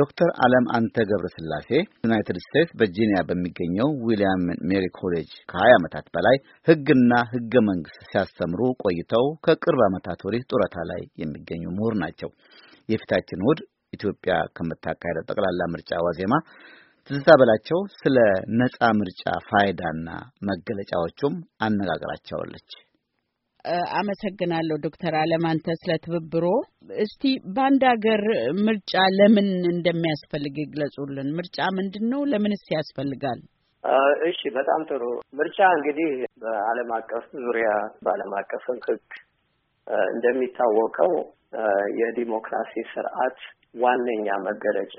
ዶክተር ዓለም አንተ ገብረ ስላሴ ዩናይትድ ስቴትስ ቨርጂኒያ በሚገኘው ዊልያም ሜሪ ኮሌጅ ከ20 ዓመታት በላይ ሕግና ሕገ መንግሥት ሲያስተምሩ ቆይተው ከቅርብ ዓመታት ወዲህ ጡረታ ላይ የሚገኙ ምሁር ናቸው። የፊታችን ውድ ኢትዮጵያ ከምታካሄደው ጠቅላላ ምርጫ ዋዜማ ትዝታ በላቸው ስለ ነፃ ምርጫ ፋይዳና መገለጫዎቹም አነጋግራቸዋለች። አመሰግናለሁ ዶክተር አለማንተ ስለ ትብብሮ። እስቲ በአንድ ሀገር ምርጫ ለምን እንደሚያስፈልግ ይግለጹልን። ምርጫ ምንድን ነው? ለምንስ ያስፈልጋል? እሺ፣ በጣም ጥሩ። ምርጫ እንግዲህ በዓለም አቀፍ ዙሪያ በዓለም አቀፍ ሕግ እንደሚታወቀው የዲሞክራሲ ስርዓት ዋነኛ መገለጫ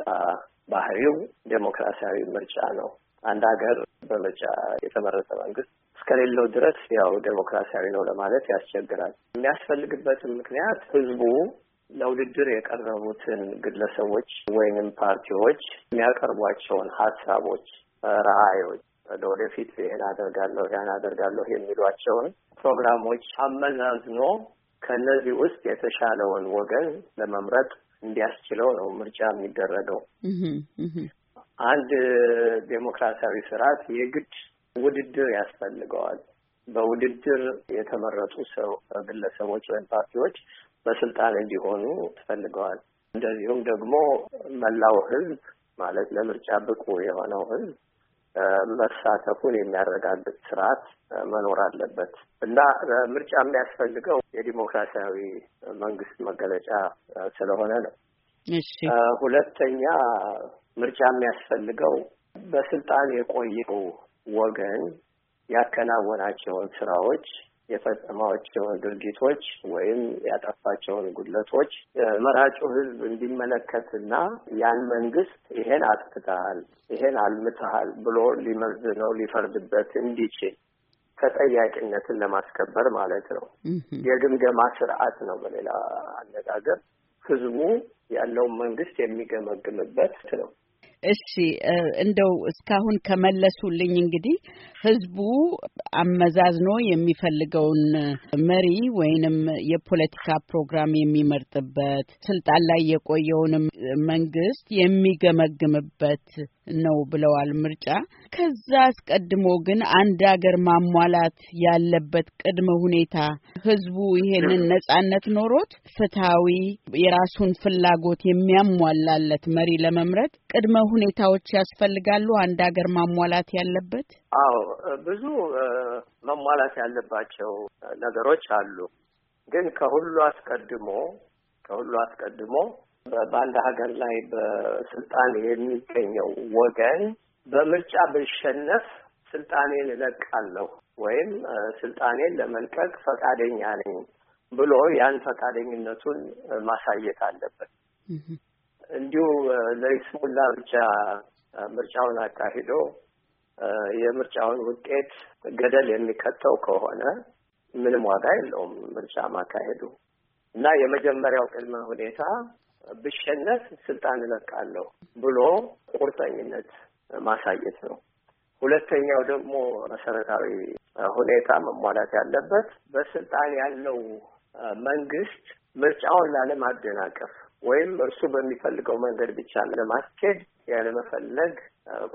ባህሪው ዴሞክራሲያዊ ምርጫ ነው። አንድ ሀገር በምርጫ የተመረጠ መንግስት እስከሌለው ድረስ ያው ዴሞክራሲያዊ ነው ለማለት ያስቸግራል። የሚያስፈልግበትም ምክንያት ህዝቡ ለውድድር የቀረቡትን ግለሰቦች ወይንም ፓርቲዎች የሚያቀርቧቸውን ሀሳቦች፣ ረአዮች ለወደፊት ይህን አደርጋለሁ ያን አደርጋለሁ የሚሏቸውን ፕሮግራሞች አመዛዝኖ ከእነዚህ ውስጥ የተሻለውን ወገን ለመምረጥ እንዲያስችለው ነው ምርጫ የሚደረገው። አንድ ዴሞክራሲያዊ ስርዓት የግድ ውድድር ያስፈልገዋል። በውድድር የተመረጡ ሰው ግለሰቦች ወይም ፓርቲዎች በስልጣን እንዲሆኑ ያስፈልገዋል። እንደዚሁም ደግሞ መላው ህዝብ ማለት ለምርጫ ብቁ የሆነው ህዝብ መሳተፉን የሚያረጋግጥ ስርዓት መኖር አለበት እና ምርጫ የሚያስፈልገው የዲሞክራሲያዊ መንግስት መገለጫ ስለሆነ ነው። ሁለተኛ ምርጫ የሚያስፈልገው በስልጣን የቆየው ወገን ያከናወናቸውን ስራዎች የፈጸማቸውን ድርጊቶች ወይም ያጠፋቸውን ጉድለቶች መራጩ ሕዝብ እንዲመለከትና ያን መንግስት ይሄን አጥፍተሃል፣ ይሄን አልምተሃል ብሎ ሊመዝነው ሊፈርድበት እንዲችል ተጠያቂነትን ለማስከበር ማለት ነው። የግምገማ ስርዓት ነው። በሌላ አነጋገር ሕዝቡ ያለውን መንግስት የሚገመግምበት ነው። እሺ እንደው እስካሁን ከመለሱልኝ እንግዲህ ህዝቡ አመዛዝኖ የሚፈልገውን መሪ ወይንም የፖለቲካ ፕሮግራም የሚመርጥበት ስልጣን ላይ የቆየውንም መንግስት የሚገመግምበት ነው ብለዋል ምርጫ። ከዛ አስቀድሞ ግን አንድ ሀገር ማሟላት ያለበት ቅድመ ሁኔታ ህዝቡ ይሄንን ነጻነት ኖሮት ፍትሐዊ የራሱን ፍላጎት የሚያሟላለት መሪ ለመምረጥ ቅድመ ሁኔታዎች ያስፈልጋሉ። አንድ ሀገር ማሟላት ያለበት አዎ፣ ብዙ መሟላት ያለባቸው ነገሮች አሉ። ግን ከሁሉ አስቀድሞ ከሁሉ አስቀድሞ በአንድ ሀገር ላይ በስልጣን የሚገኘው ወገን በምርጫ ብሸነፍ ስልጣኔን እለቃለሁ ወይም ስልጣኔን ለመልቀቅ ፈቃደኛ ነኝ ብሎ ያን ፈቃደኝነቱን ማሳየት አለበት። እንዲሁ ለይስሙላ ብቻ ምርጫውን አካሂዶ የምርጫውን ውጤት ገደል የሚከተው ከሆነ ምንም ዋጋ የለውም ምርጫ ማካሄዱ እና የመጀመሪያው ቅድመ ሁኔታ ብሸነፍ ስልጣን እለቃለሁ ብሎ ቁርጠኝነት ማሳየት ነው። ሁለተኛው ደግሞ መሰረታዊ ሁኔታ መሟላት ያለበት በስልጣን ያለው መንግስት ምርጫውን ላለማደናቀፍ ወይም እርሱ በሚፈልገው መንገድ ብቻ ለማስኬድ ያለመፈለግ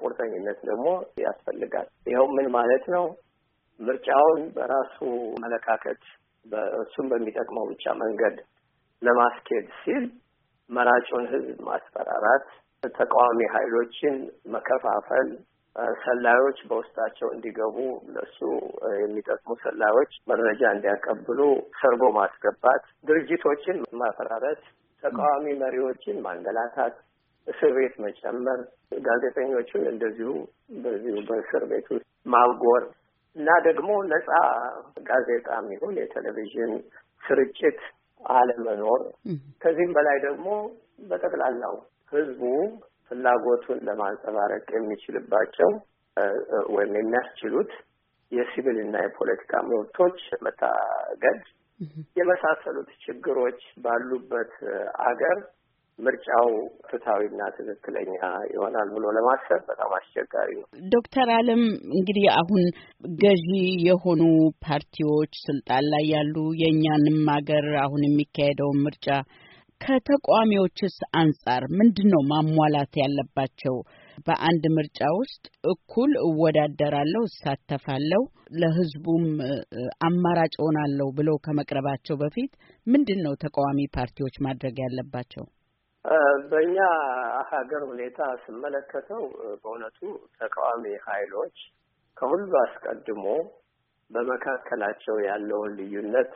ቁርጠኝነት ደግሞ ያስፈልጋል። ይኸው ምን ማለት ነው? ምርጫውን በራሱ አመለካከት እሱን በሚጠቅመው ብቻ መንገድ ለማስኬድ ሲል መራጩን ህዝብ ማስፈራራት፣ ተቃዋሚ ሀይሎችን መከፋፈል፣ ሰላዮች በውስጣቸው እንዲገቡ ለሱ የሚጠቅሙ ሰላዮች መረጃ እንዲያቀብሉ ሰርጎ ማስገባት፣ ድርጅቶችን ማፈራረት፣ ተቃዋሚ መሪዎችን ማንገላታት፣ እስር ቤት መጨመር፣ ጋዜጠኞቹን እንደዚሁ በዚሁ በእስር ቤት ውስጥ ማጎር እና ደግሞ ነጻ ጋዜጣ የሚሆን የቴሌቪዥን ስርጭት አለመኖር፣ ከዚህም በላይ ደግሞ በጠቅላላው ህዝቡ ፍላጎቱን ለማንጸባረቅ የሚችልባቸው ወይም የሚያስችሉት የሲቪል እና የፖለቲካ መብቶች መታገድ የመሳሰሉት ችግሮች ባሉበት አገር ምርጫው ፍትሐዊና ትክክለኛ ይሆናል ብሎ ለማሰብ በጣም አስቸጋሪ ነው። ዶክተር አለም እንግዲህ አሁን ገዢ የሆኑ ፓርቲዎች ስልጣን ላይ ያሉ የእኛንም ሀገር አሁን የሚካሄደውን ምርጫ ከተቃዋሚዎችስ አንጻር ምንድን ነው ማሟላት ያለባቸው? በአንድ ምርጫ ውስጥ እኩል እወዳደራለሁ፣ እሳተፋለሁ፣ ለህዝቡም አማራጭ ሆናለሁ ብለው ከመቅረባቸው በፊት ምንድን ነው ተቃዋሚ ፓርቲዎች ማድረግ ያለባቸው? በእኛ ሀገር ሁኔታ ስመለከተው በእውነቱ ተቃዋሚ ኃይሎች ከሁሉ አስቀድሞ በመካከላቸው ያለውን ልዩነት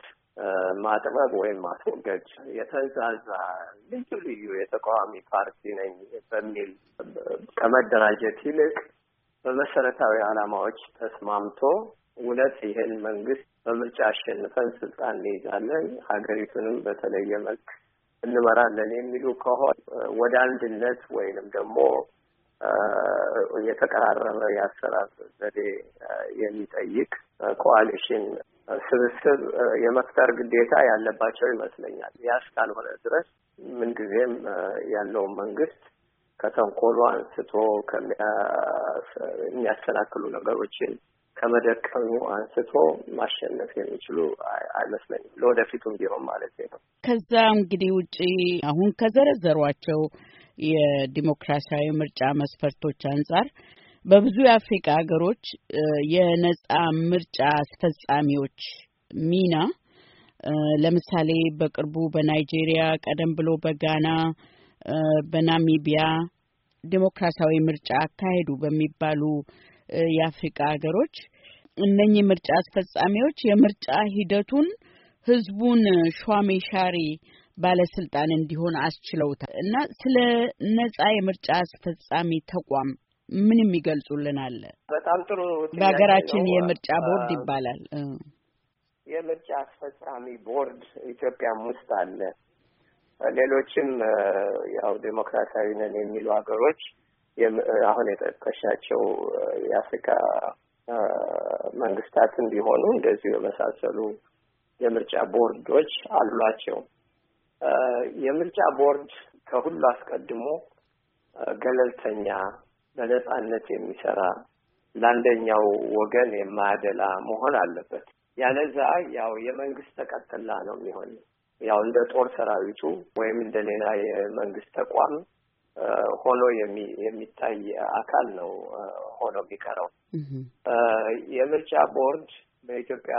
ማጥበብ ወይም ማስወገድ የተንዛዛ ልዩ ልዩ የተቃዋሚ ፓርቲ ነኝ በሚል ከመደራጀት ይልቅ በመሰረታዊ ዓላማዎች ተስማምቶ እውነት ይህን መንግስት በምርጫ አሸንፈን ስልጣን እንይዛለን፣ ሀገሪቱንም በተለየ መልክ እንመራለን የሚሉ ከሆነ ወደ አንድነት ወይንም ደግሞ የተቀራረበ የአሰራር ዘዴ የሚጠይቅ ኮአሊሽን ስብስብ የመፍጠር ግዴታ ያለባቸው ይመስለኛል። ያ እስካልሆነ ድረስ ምንጊዜም ያለውን መንግስት ከተንኮሉ አንስቶ የሚያሰናክሉ ነገሮችን ከመደከሙ አንስቶ ማሸነፍ የሚችሉ አይመስለኝም። ለወደፊቱም ቢሆን ማለት ነው። ከዛ እንግዲህ ውጪ አሁን ከዘረዘሯቸው የዲሞክራሲያዊ ምርጫ መስፈርቶች አንጻር በብዙ የአፍሪካ ሀገሮች የነጻ ምርጫ አስፈጻሚዎች ሚና ለምሳሌ በቅርቡ በናይጄሪያ፣ ቀደም ብሎ በጋና፣ በናሚቢያ ዲሞክራሲያዊ ምርጫ አካሄዱ በሚባሉ የአፍሪቃ ሀገሮች እነኚህ ምርጫ አስፈጻሚዎች የምርጫ ሂደቱን ህዝቡን ሿሚ ሻሪ ባለስልጣን እንዲሆን አስችለውታል። እና ስለ ነጻ የምርጫ አስፈጻሚ ተቋም ምን የሚገልጹልን አለ? በጣም ጥሩ። በሀገራችን የምርጫ ቦርድ ይባላል። የምርጫ አስፈጻሚ ቦርድ ኢትዮጵያም ውስጥ አለ። ሌሎችም ያው ዴሞክራሲያዊ ነን የሚሉ ሀገሮች አሁን የጠቀሻቸው የአፍሪካ መንግስታትም ቢሆኑ እንደዚሁ የመሳሰሉ የምርጫ ቦርዶች አሏቸው። የምርጫ ቦርድ ከሁሉ አስቀድሞ ገለልተኛ፣ በነጻነት የሚሰራ ለአንደኛው ወገን የማያደላ መሆን አለበት። ያለዛ ያው የመንግስት ተቀጥላ ነው የሚሆን። ያው እንደ ጦር ሰራዊቱ ወይም እንደ ሌላ የመንግስት ተቋም ሆኖ የሚታይ አካል ነው ሆኖ የሚቀረው። የምርጫ ቦርድ በኢትዮጵያ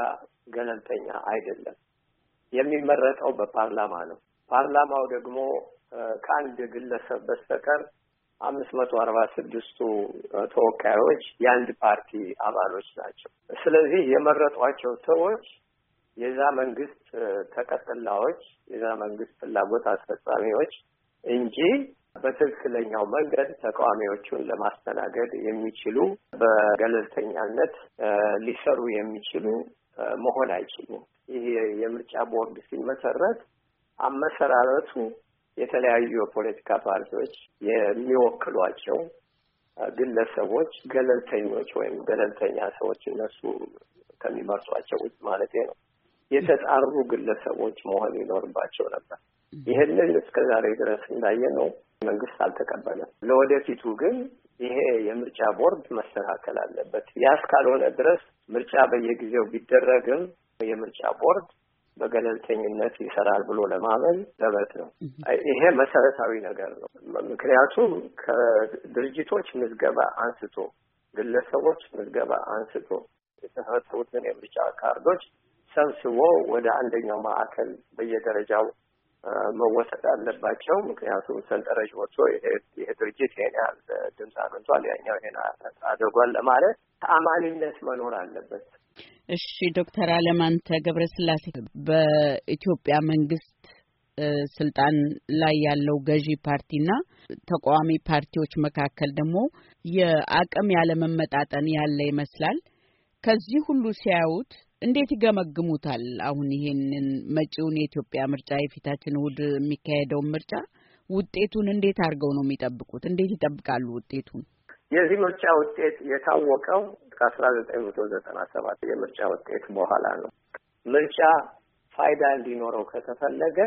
ገለልተኛ አይደለም። የሚመረጠው በፓርላማ ነው። ፓርላማው ደግሞ ከአንድ ግለሰብ በስተቀር አምስት መቶ አርባ ስድስቱ ተወካዮች የአንድ ፓርቲ አባሎች ናቸው። ስለዚህ የመረጧቸው ሰዎች የዛ መንግስት ተቀጥላዎች፣ የዛ መንግስት ፍላጎት አስፈጻሚዎች እንጂ በትክክለኛው መንገድ ተቃዋሚዎቹን ለማስተናገድ የሚችሉ በገለልተኛነት ሊሰሩ የሚችሉ መሆን አይችሉም። ይህ የምርጫ ቦርድ ሲመሰረት አመሰራረቱ የተለያዩ የፖለቲካ ፓርቲዎች የሚወክሏቸው ግለሰቦች ገለልተኞች ወይም ገለልተኛ ሰዎች እነሱ ከሚመርጧቸው ውጭ ማለት ነው የተጣሩ ግለሰቦች መሆን ይኖርባቸው ነበር። ይህንን ዛሬ ድረስ እንዳየነው መንግስት አልተቀበለም። ለወደፊቱ ግን ይሄ የምርጫ ቦርድ መስተካከል አለበት። ያ እስካልሆነ ድረስ ምርጫ በየጊዜው ቢደረግም የምርጫ ቦርድ በገለልተኝነት ይሰራል ብሎ ለማመን ለበት ነው። ይሄ መሰረታዊ ነገር ነው። ምክንያቱም ከድርጅቶች ምዝገባ አንስቶ ግለሰቦች ምዝገባ አንስቶ የተፈጠሩትን የምርጫ ካርዶች ሰብስቦ ወደ አንደኛው ማዕከል በየደረጃው መወሰድ አለባቸው። ምክንያቱም ሰንጠረዥ ወጥቶ ይሄ ድርጅት ይሄን ያህል ድምፅ አግኝቷል፣ ያኛው ይሄን አድርጓል ለማለት ተአማኒነት መኖር አለበት። እሺ ዶክተር አለማንተ ገብረስላሴ በኢትዮጵያ መንግስት ስልጣን ላይ ያለው ገዢ ፓርቲና ተቃዋሚ ፓርቲዎች መካከል ደግሞ የአቅም ያለመመጣጠን ያለ ይመስላል። ከዚህ ሁሉ ሲያዩት እንዴት ይገመግሙታል? አሁን ይሄንን መጪውን የኢትዮጵያ ምርጫ የፊታችን እሁድ የሚካሄደውን ምርጫ ውጤቱን እንዴት አድርገው ነው የሚጠብቁት? እንዴት ይጠብቃሉ ውጤቱን? የዚህ ምርጫ ውጤት የታወቀው ከአስራ ዘጠኝ መቶ ዘጠና ሰባት የምርጫ ውጤት በኋላ ነው። ምርጫ ፋይዳ እንዲኖረው ከተፈለገ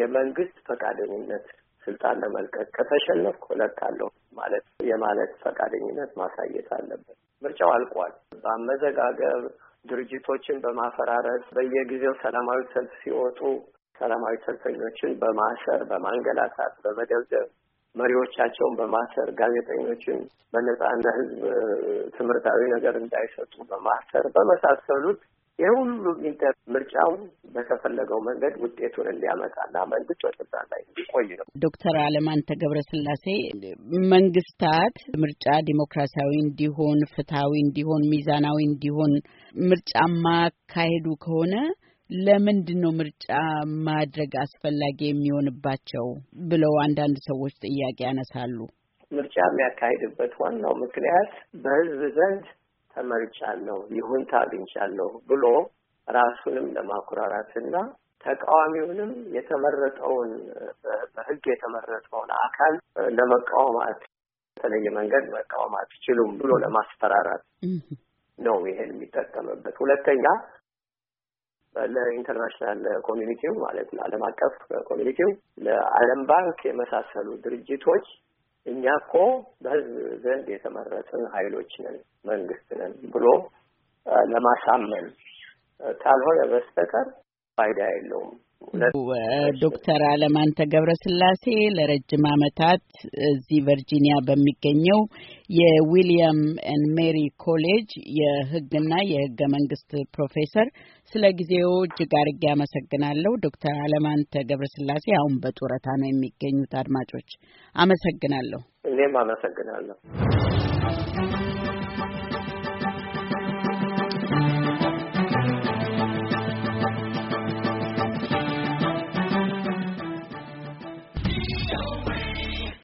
የመንግስት ፈቃደኝነት ስልጣን ለመልቀቅ ከተሸነፍኩ እለቃለሁ ማለት የማለት ፈቃደኝነት ማሳየት አለበት። ምርጫው አልቋል። በአመዘጋገብ ድርጅቶችን በማፈራረስ በየጊዜው ሰላማዊ ሰልፍ ሲወጡ ሰላማዊ ሰልፈኞችን በማሰር በማንገላታት፣ በመደብደብ መሪዎቻቸውን በማሰር ጋዜጠኞችን በነጻ እንደ ትምህርታዊ ነገር እንዳይሰጡ በማሰር በመሳሰሉት ይህ ሁሉ ምርጫውን በተፈለገው መንገድ ውጤቱን እንዲያመጣና መንግስት በስልጣን ላይ እንዲቆይ ነው። ዶክተር አለማንተ ገብረስላሴ መንግስታት ምርጫ ዲሞክራሲያዊ እንዲሆን፣ ፍትሐዊ እንዲሆን፣ ሚዛናዊ እንዲሆን ምርጫ ማካሄዱ ከሆነ ለምንድን ነው ምርጫ ማድረግ አስፈላጊ የሚሆንባቸው ብለው አንዳንድ ሰዎች ጥያቄ ያነሳሉ። ምርጫ የሚያካሄድበት ዋናው ምክንያት በህዝብ ዘንድ ተመርጫለሁ፣ ይሁንታ አግኝቻለሁ ብሎ ራሱንም ለማኩራራትና ተቃዋሚውንም የተመረጠውን በህግ የተመረጠውን አካል ለመቃወማት በተለየ መንገድ መቃወም አትችሉም ብሎ ለማስፈራራት ነው ይሄን የሚጠቀምበት። ሁለተኛ ለኢንተርናሽናል ኮሚኒቲው ማለት ለዓለም አቀፍ ኮሚኒቲው፣ ለዓለም ባንክ የመሳሰሉ ድርጅቶች እኛ እኮ በህዝብ ዘንድ የተመረጥን ኃይሎች ነን፣ መንግስት ነን ብሎ ለማሳመን ካልሆነ በስተቀር ፋይዳ የለውም። ዶክተር አለማንተ ገብረስላሴ ለረጅም ዓመታት እዚህ ቨርጂኒያ በሚገኘው የዊሊያም ኤን ሜሪ ኮሌጅ የሕግና የሕገ መንግስት ፕሮፌሰር፣ ስለ ጊዜው እጅግ አድርጌ አመሰግናለሁ። ዶክተር አለማንተ ገብረስላሴ አሁን በጡረታ ነው የሚገኙት። አድማጮች አመሰግናለሁ። እኔም አመሰግናለሁ።